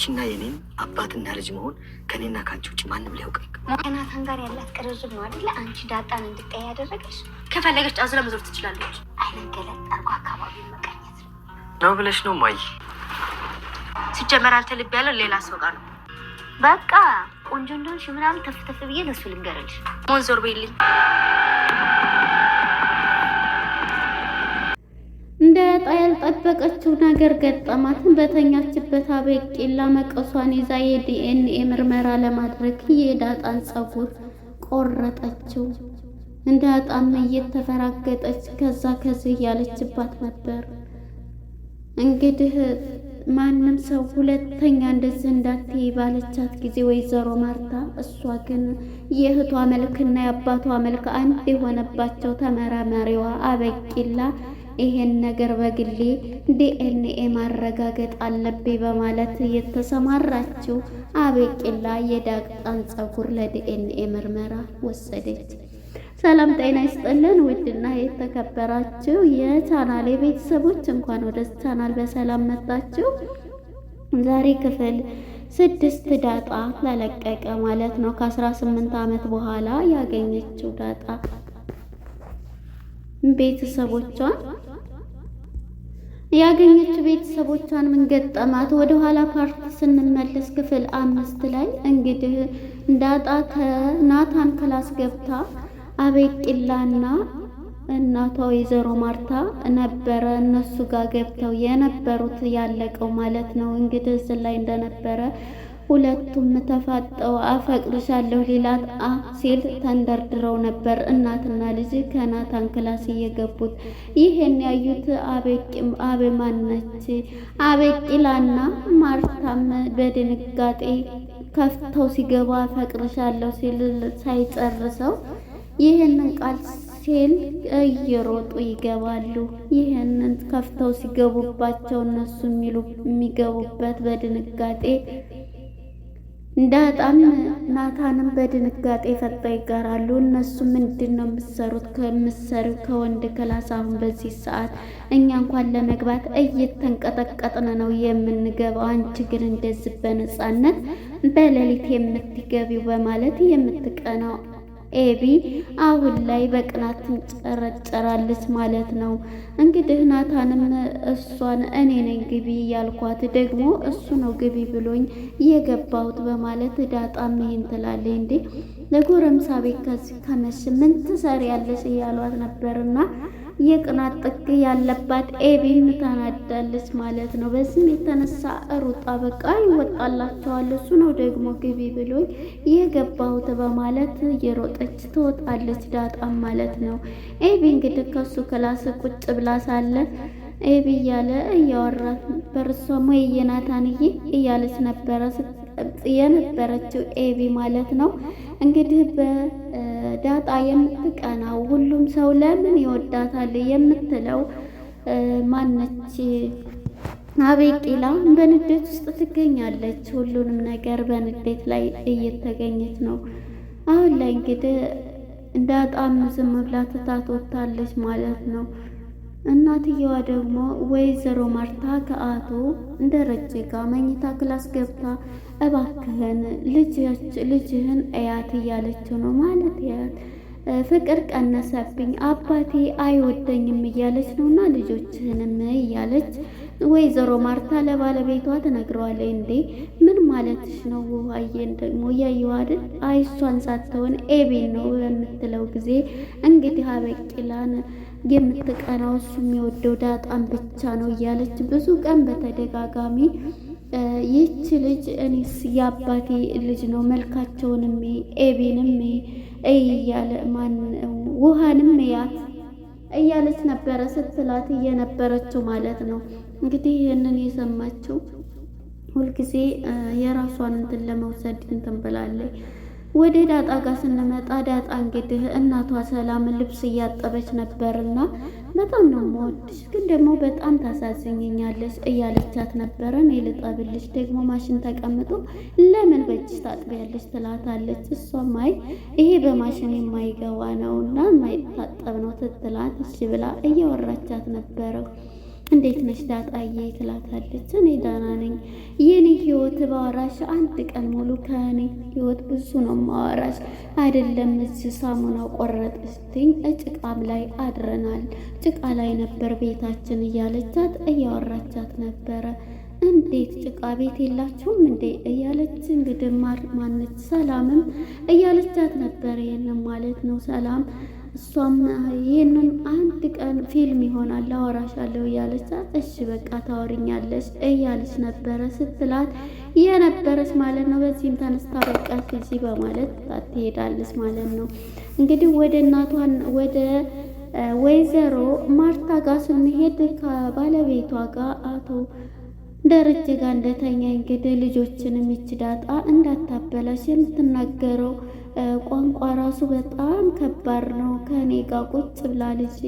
ያንቺና የኔን አባትና ልጅ መሆን ከኔና ከአንቺ ውጭ ማንም ሊያውቅ ከናታን ጋር ያላት ቅርርብ ነው አይደለ? አንቺ ዳጣን እንድጠያ ያደረገች። ከፈለገች አዝላ መዞር ትችላለች። አይነት ገለጥ አርጎ አካባቢ መቀኘት ነው ብለሽ ነው ማይ? ሲጀመር አንተ ልብ ያለው ሌላ ሰው ጋር ነው። በቃ ቆንጆ እንደሆንሽ ምናምን ተፍተፍ ብዬ ለሱ ልንገረልሽ። ሞንዞር ቤልኝ ዳጣ ያልጠበቀችው ነገር ገጠማትን። በተኛችበት አበቂላ መቀሷን ይዛ የዲኤንኤ ምርመራ ለማድረግ የዳጣን ፀጉር ቆረጠችው። እንደ አጣም እየተፈራገጠች ከዛ ከዚህ እያለችባት ነበር። እንግዲህ ማንም ሰው ሁለተኛ እንደዚህ እንዳትይ ባለቻት ጊዜ ወይዘሮ ማርታ እሷ ግን የእህቷ መልክና የአባቷ መልክ አንድ የሆነባቸው ተመራማሪዋ አበቂላ ይሄን ነገር በግሌ ዲኤንኤ ማረጋገጥ አለብኝ በማለት የተሰማራችው አበቂላ የዳግጣን ጸጉር ለዲኤንኤ ምርመራ ወሰደች። ሰላም ጤና ይስጥልን። ውድና የተከበራችሁ የቻናሌ ቤተሰቦች እንኳን ወደ ቻናል በሰላም መጣችሁ። ዛሬ ክፍል ስድስት ዳጣ ተለቀቀ ማለት ነው። ከአስራ ስምንት ዓመት በኋላ ያገኘችው ዳጣ ቤተሰቦቿን ያገኘች ቤተሰቦቿን ምን ገጠማት? ወደ ኋላ ፓርት ስንመለስ ክፍል አምስት ላይ እንግዲህ እንዳጣ ከናታን ክላስ ገብታ አቤት ቂላና እናቷ ወይዘሮ ማርታ ነበረ እነሱ ጋር ገብተው የነበሩት ያለቀው ማለት ነው እንግዲህ እዚህ ላይ እንደነበረ ሁለቱም ተፋጠው አፈቅርሻለሁ ሊላት አ ሲል ተንደርድረው ነበር። እናትና ልጅ ከናታን ክላስ እየገቡት ይህን ያዩት አበቂም አቤ ማነች አበቂላና ማርታም በድንጋጤ ከፍተው ሲገቡ አፈቅርሻለሁ ሲል ሳይጨርሰው ይህንን ቃል ሲል እየሮጡ ይገባሉ። ይህንን ከፍተው ሲገቡባቸው እነሱ የሚገቡበት በድንጋጤ ዳጣም ናታንም በድንጋጤ ፈጣ ይጋራሉ። እነሱ ምንድን ነው የምትሰሩት? ከምትሰሩ ከወንድ ክላስ አሁን በዚህ ሰዓት እኛ እንኳን ለመግባት እየተንቀጠቀጥን ነው የምንገባው። አንቺ ግን እንደዚህ በነጻነት በሌሊት የምትገቢው በማለት የምትቀናው ኤቢ አሁን ላይ በቅናት ትንጨረጨራለች ማለት ነው። እንግዲህ ናታንም እሷን እኔ ነኝ ግቢ እያልኳት ደግሞ እሱ ነው ግቢ ብሎኝ እየገባሁት በማለት ዳጣም ይሄን ትላለች። እንዴ ለጎረምሳ ቤት ከመሽ ምን ትሰሪያለሽ እያሏት ነበርና የቅናት ጥግ ያለባት ኤቢም ተናዳለች ማለት ነው። በዚህም የተነሳ ሩጣ በቃ ይወጣላቸዋል። እሱ ነው ደግሞ ግቢ ብሎኝ የገባሁት በማለት የሮጠች ትወጣለች። ዳጣም ማለት ነው። ኤቢ እንግዲህ ከሱ ክላስ ቁጭ ብላ ሳለ ኤቢ እያለ እያወራት ነበር። እሷም ወይ የናታንዬ እያለች ነበረ የነበረችው ኤቢ ማለት ነው እንግዲህ በ ዳጣ የምትቀናው ሁሉም ሰው ለምን ይወዳታል የምትለው ማነች? አቤቂላ በንዴት ውስጥ ትገኛለች። ሁሉንም ነገር በንዴት ላይ እየተገኘች ነው። አሁን ላይ እንግዲህ ዳጣም ዝም ብላ ትታት ወጥታለች ማለት ነው። እናትየዋ ደግሞ ወይዘሮ ማርታ ከአቶ ደረጀ ጋር መኝታ ክላስ ገብታ እባክህን ልጅህን እያት እያለችው ነው ማለት ያት ፍቅር ቀነሰብኝ አባቴ አይወደኝም እያለች ነው ነውና ልጆችህንም እያለች ወይዘሮ ማርታ ለባለቤቷ ትነግረዋለች። እንዴ ምን ማለትሽ ነው? ውሃዬን ደግሞ እያየሁ አይደል? አይ እሷን ሳትሆን ኤቤን ነው በምትለው ጊዜ እንግዲህ አበቂላን የምትቀናው እሱ የሚወደው ዳጣን ብቻ ነው እያለች ብዙ ቀን በተደጋጋሚ ይህች ልጅ እኔስ የአባቴ ልጅ ነው መልካቸውንም ኤቤንም እያለ ማን ውሃንም ያት እያለች ነበረ ስትላት እየነበረችው ማለት ነው። እንግዲህ ይህንን የሰማችው ሁልጊዜ የራሷን እንትን ለመውሰድ እንትን ብላለች። ወደ ዳጣ ጋር ስንመጣ ዳጣ እንግዲህ እናቷ ሰላም ልብስ እያጠበች ነበርና በጣም ነው የምወድሽ፣ ግን ደግሞ በጣም ታሳዝኝኛለሽ እያለቻት ነበረ። እኔ ልጠብልሽ ደግሞ ማሽን ተቀምጦ ለምን በእጅሽ ታጥቢያለሽ ትላታለች። እሷም አይ ይሄ በማሽን የማይገባ ነው እና የማይታጠብ ነው ትትላት እሺ ብላ እያወራቻት ነበረ። እንዴት ነሽ ዳጣዬ? ትላታለች። እኔ ደህና ነኝ። የኔ ህይወት ባወራሽ አንድ ቀን ሙሉ ከእኔ ህይወት ብዙ ነው ማወራሽ። አይደለም እዚህ ሳሙና ቆረጥሽኝ፣ ጭቃም ላይ አድረናል፣ ጭቃ ላይ ነበር ቤታችን እያለቻት እያወራቻት ነበረ። እንዴት ጭቃ ቤት የላችሁም እንዴ እያለች እንግዲህ ማር ማነች ሰላምም እያለቻት ነበር። ይህንም ማለት ነው ሰላም እሷም አ ፊልም ይሆናል አወራሻለሁ እያለቻት እሺ በቃ ታወሪኛለች እያለች ነበረ ስትላት የነበረች ማለት ነው። በዚህም ተነስታ በቃ ሂጂ በማለት ትሄዳለች ማለት ነው። እንግዲህ ወደ እናቷን ወደ ወይዘሮ ማርታ ጋር ስንሄድ ከባለቤቷ ጋር አቶ ደረጀ ጋር እንደተኛ እንግዲህ ልጆችንም የሚችዳጣ እንዳታበላሽ የምትናገረው ቋንቋ ራሱ በጣም ከባድ ነው። ከኔ ጋ ቁጭ ብላ ልጅ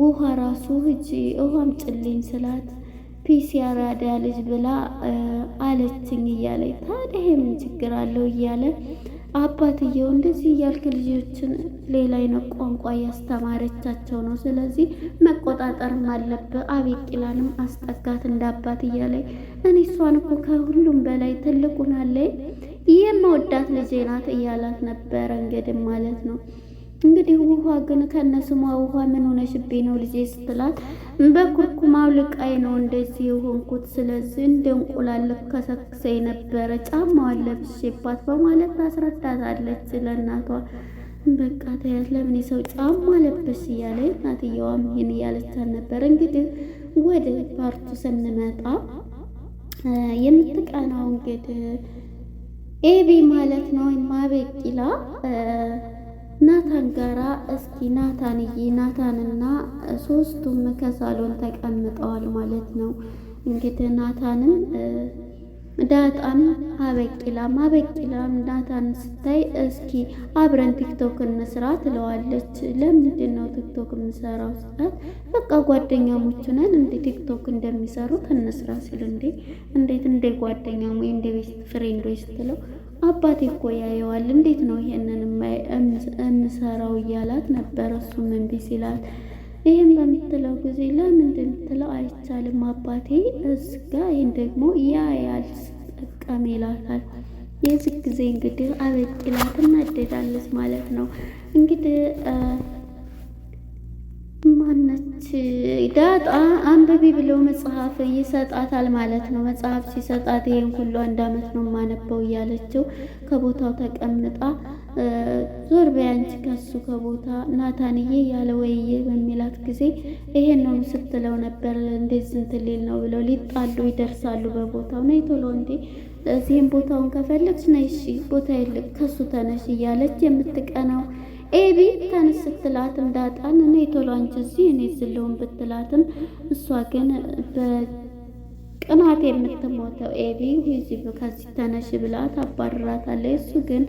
ውሃ ራሱ ህጂ ውሃም ጭልኝ ስላት ፒሲ አራዳ ልጅ ብላ አለችኝ እያለ ታዲያ ምን ችግር አለው እያለ አባትየው እንደዚህ እያልክ ልጆችን ሌላ አይነት ቋንቋ እያስተማረቻቸው ነው። ስለዚህ መቆጣጠርም አለብህ። አቤቂላንም አስጠጋት እንዳባት እያለ እኔ እሷን እኮ ከሁሉም በላይ ትልቁን አለኝ የምወዳት ልጄ ናት እያላት ነበረ። እንግዲህ ማለት ነው እንግዲህ ውሃ ግን ከነስሟ ውሃ ምን ሆነሽብኝ ነው ልጄ ስትላት፣ በኩርኩም አውልቃይ ነው እንደዚህ የሆንኩት ስለዚህ እንደ እንቁላል ከሰክሰኝ ነበረ ጫማዋን ለብሼባት በማለት ታስረዳታለች ለእናቷ። በቃ ተያት ለምን ሰው ጫማ ለበስ እያለ እናትየዋም ይህን እያለቻት ነበር። እንግዲህ ወደ ፓርቱ ስንመጣ የምትቀናው እንግዲህ ኤቢ ማለት ነው ማበቂላ ናታን ጋራ እስኪ ናታንዬ ናታንና ሶስቱም ከሳሎን ተቀምጠዋል ማለት ነው። እንግዲህ ናታንም ዳጣን አበቂላም አበቂላም ዳጣን ስታይ እስኪ አብረን ቲክቶክ እንስራ ትለዋለች። ለምንድን ነው ቲክቶክ የምሰራው ስላት በቃ ጓደኛሞች ነን እንደ ቲክቶክ እንደሚሰሩት እንስራ ሲል እንዴ እንዴት እንደ ጓደኛሞ እንደ ቤስት ፍሬንዶች ስትለው አባቴ እኮ ያየዋል እንዴት ነው ይሄንን የምሰራው እያላት ነበረ እሱም እምቢ ሲላት ይህን በምትለው ጊዜ ለምን ምትለው አይቻልም አባቴ እዝጋ ይህን ደግሞ ያ ያልጠቀም ይላታል። የዚህ ጊዜ እንግዲህ አበቂላት እናደዳለች ማለት ነው እንግዲህ ነች ዳጣ አንብቢ ብለው መጽሐፍ ይሰጣታል ማለት ነው። መጽሐፍ ሲሰጣት ይህን ሁሉ አንድ አመት ነው የማነበው እያለችው ከቦታው ተቀምጣ ዞር በያንቺ ከሱ ከቦታ ናታንዬ ያለ ወይዬ በሚላት ጊዜ ይሄን ነው ስትለው ነበር። እንዴት ዝንት ሊል ነው ብለው ሊጣሉ ይደርሳሉ በቦታው ነይ ቶሎ እንዴ እዚህም ቦታውን ከፈለግሽ ነይ እሺ ቦታ የለ ከሱ ተነሽ እያለች የምትቀናው ኤቢ ተነስ ስትላትም ዳጣን እኔ ቶሎ አንቺ እዚህ እኔ ዝለውን ብትላትም እሷ ግን በቅናት የምትሞተው ኤቢ ሂጂ ከዚህ ተነሽ ብላት አባርራታለች። እሱ ግን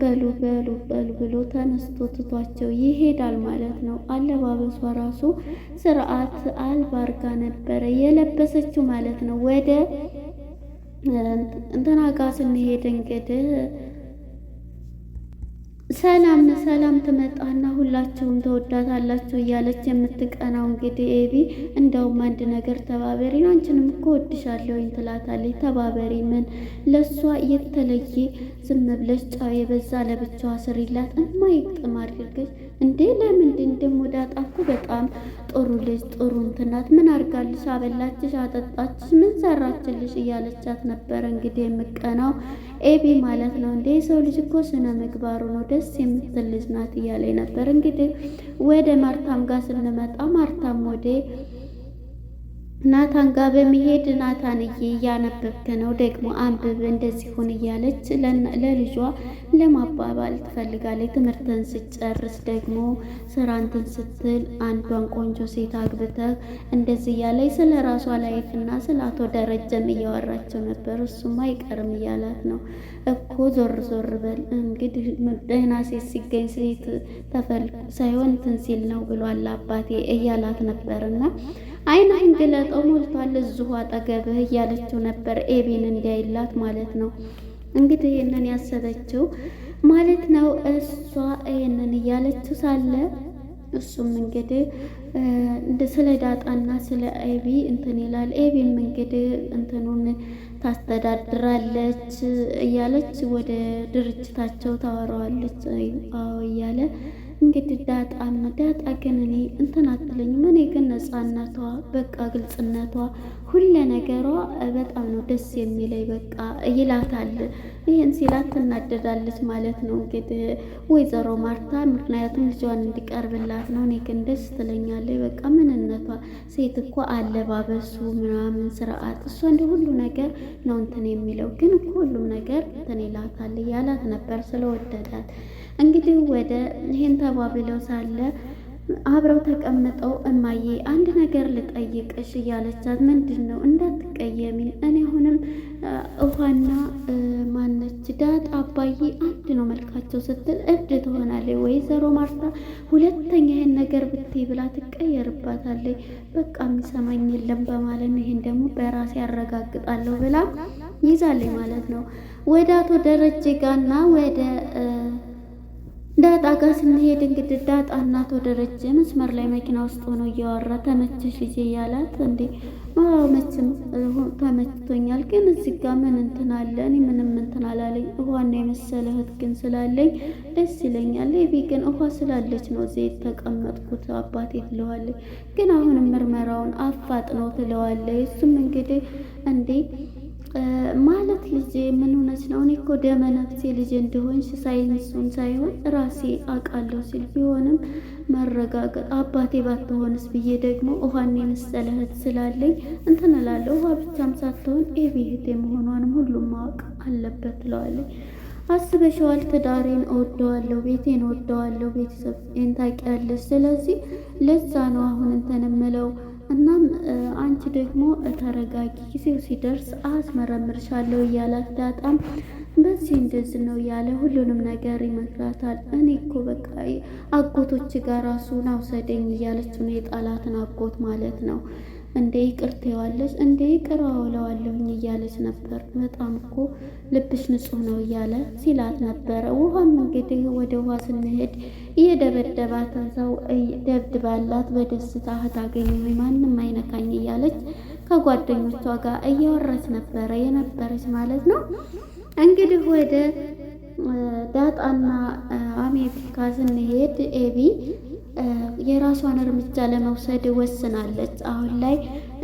በሉ በሉ በሉ ብሎ ተነስቶ ትቷቸው ይሄዳል ማለት ነው። አለባበሷ ራሱ ስርዓት አልባ አርጋ ነበረ የለበሰችው ማለት ነው። ወደ እንትና ጋ ስንሄድ እንግዲህ ሰላም ሰላም ትመጣና ሁላችሁም ተወዳታላችሁ እያለች የምትቀናው እንግዲህ ኤቢ እንደውም አንድ ነገር ተባበሪ ነው አንቺንም እኮ ወድሻለሁኝ ትላታለች። ተባበሪ ምን ለእሷ የተለየ ዝም ብለሽ ጫው የበዛ ለብቻዋ ስሪላት እማይጥም አድርገሽ እንዴ ለምንድን ደግሞ ዳጣ እኮ በጣም ጥሩ ልጅ ጥሩ እንትናት ምን አርጋልሽ? አበላችሽ አጠጣችሽ ምን ሰራችልሽ እያለቻት ነበረ እንግዲህ የምቀናው ኤቢ ማለት ነው እንዴ የሰው ልጅ እኮ ስነ ምግባሩ ነው ደስ የምትል ልጅ ናት እያለኝ ነበር እንግዲህ ወደ ማርታም ጋር ስንመጣ ማርታም ወዴ ናታን ጋር በመሄድ ናታንዬ እያነበብክ ነው ደግሞ አንብብ እንደዚህ ሁን እያለች ለልጇ ለማባባል ትፈልጋለች። ትምህርትን ስጨርስ ደግሞ ስራንትን ስትል አንዷን ቆንጆ ሴት አግብተህ እንደዚህ እያለች ስለ ራሷ ላይፍ እና ስለ አቶ ደረጀም እያወራቸው ነበር። እሱም አይቀርም እያላት ነው እኮ ዞር ዞር በል እንግዲህ ደህና ሴት ሲገኝ ሴት ተፈል ሳይሆን እንትን ሲል ነው ብሏል አባቴ እያላት ነበርና አይንህን ግለጠው ሞልቷል እዚሁ አጠገብህ እያለችው ነበር፣ ኤቢን እንዲያይላት ማለት ነው። እንግዲህ ይህንን ያሰበችው ማለት ነው። እሷ ይህንን እያለችው ሳለ እሱም እንግዲህ ስለ ዳጣና ስለ ኤቢ እንትን ይላል። ኤቢም እንግዲህ እንትኑን ታስተዳድራለች እያለች ወደ ድርጅታቸው ታወራዋለች። አዎ እያለ እንግዲህ ዳጣም ዳጣ ግን እኔ እንትን አትለኝም። እኔ ግን ነፃነቷ በቃ ግልጽነቷ፣ ሁለ ነገሯ በጣም ነው ደስ የሚለኝ በቃ ይላታል። ይህን ሲላት ትናደዳለች ማለት ነው እንግዲህ ወይዘሮ ማርታ ምክንያቱም ልጇን እንዲቀርብላት ነው። እኔ ግን ደስ ትለኛለች በቃ ምንነቷ፣ ሴት እኮ አለባበሱ ምናምን ስርዓት፣ እሷ እንደ ሁሉ ነገር ነው እንትን የሚለው ግን ሁሉም ነገር እንትን ይላታል እያላት ነበር ስለወደዳት እንግዲህ ወደ ይህን ተባብለው ሳለ አብረው ተቀምጠው እማዬ አንድ ነገር ልጠይቅሽ እያለቻት ምንድን ነው እንዳትቀየሚ፣ እኔ አሁንም ውሃና ማነች ዳት አባዬ አንድ ነው መልካቸው ስትል እብድ ትሆናለች። ወይዘሮ ማርታ ሁለተኛ ይህን ነገር ብትይ ብላ ትቀየርባታለች። በቃ የሚሰማኝ የለም በማለት ነው ይህን ደግሞ በራሴ ያረጋግጣለሁ ብላ ይዛለች ማለት ነው ወደ አቶ ደረጀ ጋና ወደ ዳጣ ጋር ስንሄድ እንግዲህ ዳጣ እናት ወደ ረጅም መስመር ላይ መኪና ውስጥ ሆኖ እያወራ ተመቸሽ ልጄ እያላት፣ እንዴ መቼም ተመችቶኛል፣ ግን እዚህ ጋ ምን እንትን አለ? እኔ ምንም እንትን አላለኝ። ውሃና የመሰለ እህት ግን ስላለኝ ደስ ይለኛል። ቤ ግን ውሃ ስላለች ነው እዚህ የተቀመጥኩት አባቴ ትለዋለች። ግን አሁንም ምርመራውን አፋጥነው ትለዋለች። እሱም እንግዲህ እንዴ ማለት ልጄ ምን ሆነች ነው? እኔ እኮ ደመ ነፍሴ ልጅ እንደሆንሽ ሳይንሱን ሳይሆን ራሴ አውቃለሁ ሲል ቢሆንም መረጋገጥ አባቴ ባትሆንስ ብዬ ደግሞ ውሃን የመሰለ እህት ስላለኝ እንትን እላለሁ። ውሃ ብቻም ሳትሆን ኤቢ እህቴ መሆኗንም ሁሉም ማወቅ አለበት ትለዋለች። አስበሽዋል። ትዳሬን እወደዋለሁ፣ ቤቴን እወደዋለሁ፣ ቤተሰብ ታውቂያለሽ። ስለዚህ ለዛ ነው አሁን እንትን እምለው እናም አንቺ ደግሞ ተረጋጊ፣ ጊዜው ሲደርስ አስመረምርሻለሁ እያላት ዳጣም በዚህ እንደዚህ ነው እያለ ሁሉንም ነገር ይመክራታል። እኔ እኮ በቃ አጎቶች ጋር ራሱን አውሰደኝ እያለችው ነው የጣላትን አጎት ማለት ነው እንደ ይቅር ትይዋለች፣ እንደ ይቅር አውለዋለሁኝ እያለች ነበር። በጣም እኮ ልብሽ ንጹህ ነው እያለ ሲላት ነበረ። ውሃም እንግዲህ ወደ ውሃ ስንሄድ እየደበደባት ሰው ደብድባላት በደስታ ታገኘሁኝ ማንም አይነካኝ እያለች ከጓደኞቿ ጋር እያወራች ነበረ የነበረች ማለት ነው። እንግዲህ ወደ ዳጣና አሜሪካ ስንሄድ ኤቢ የራሷን እርምጃ ለመውሰድ ወስናለች። አሁን ላይ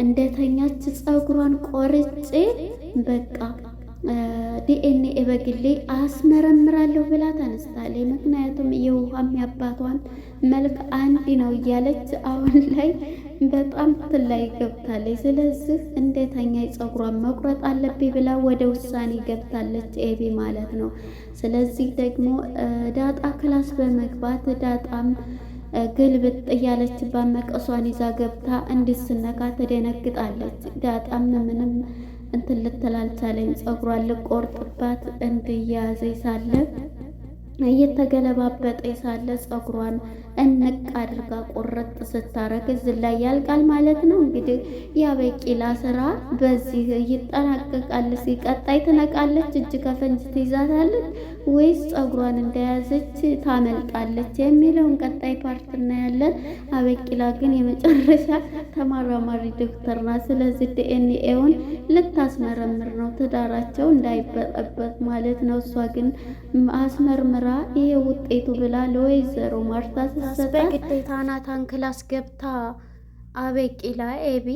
እንደተኛች ፀጉሯን ቆርጬ በቃ ዲኤንኤ በግሌ አስመረምራለሁ ብላ ተነስታለች። ምክንያቱም የውሃም ያባቷን መልክ አንድ ነው እያለች አሁን ላይ በጣም ትላይ ገብታለች። ስለዚህ እንደተኛ ጸጉሯን መቁረጥ አለብኝ ብላ ወደ ውሳኔ ገብታለች ኤቢ ማለት ነው። ስለዚህ ደግሞ ዳጣ ክላስ በመግባት ዳጣም ግልብጥ እያለችባት መቀሷን ይዛ ገብታ እንዲስነካ ትደነግጣለች። ዳጣም ምንም እንትን ልትል አልቻለኝ። ጸጉሯን ልቆርጥባት እንድያዘ ሳለ እየተገለባበጠ ሳለ ጸጉሯን እንቅ አድርጋ ቆረጥ ስታረግ እዚህ ላይ ያልቃል ማለት ነው። እንግዲህ የአበቂላ ስራ በዚህ ይጠናቀቃል። ሲቀጣይ ትነቃለች፣ እጅ ከፈንጅ ትይዛታለች ወይስ ጸጉሯን እንደያዘች ታመልጣለች የሚለውን ቀጣይ ፓርት እናያለን። አበቂላ ግን የመጨረሻ ተማራማሪ ዶክተር ናት። ስለዚህ ዲኤንኤውን ልታስመረምር ነው፣ ትዳራቸው እንዳይበጠበት ማለት ነው። እሷ ግን አስመርምራ ይሄ ውጤቱ ብላ ለወይዘሮ ማርታ በግዴታ ናታን ክላስ ገብታ አበቂላ ላይ ኤቢ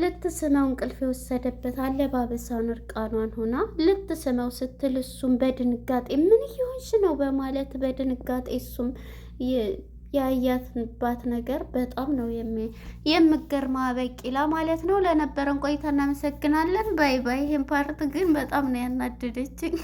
ልትስመው እንቅልፍ የወሰደበት አለባበሳን እርቃኗን ሆና ልትስመው ስትል እሱም በድንጋጤ ምን እየሆንሽ ነው በማለት በድንጋጤ እሱም ያያትባት ነገር በጣም ነው የምገርማ አበቂላ ማለት ነው። ለነበረን ቆይታ እናመሰግናለን። ባይ ባይ። ይህን ፓርት ግን በጣም ነው ያናደደችኝ።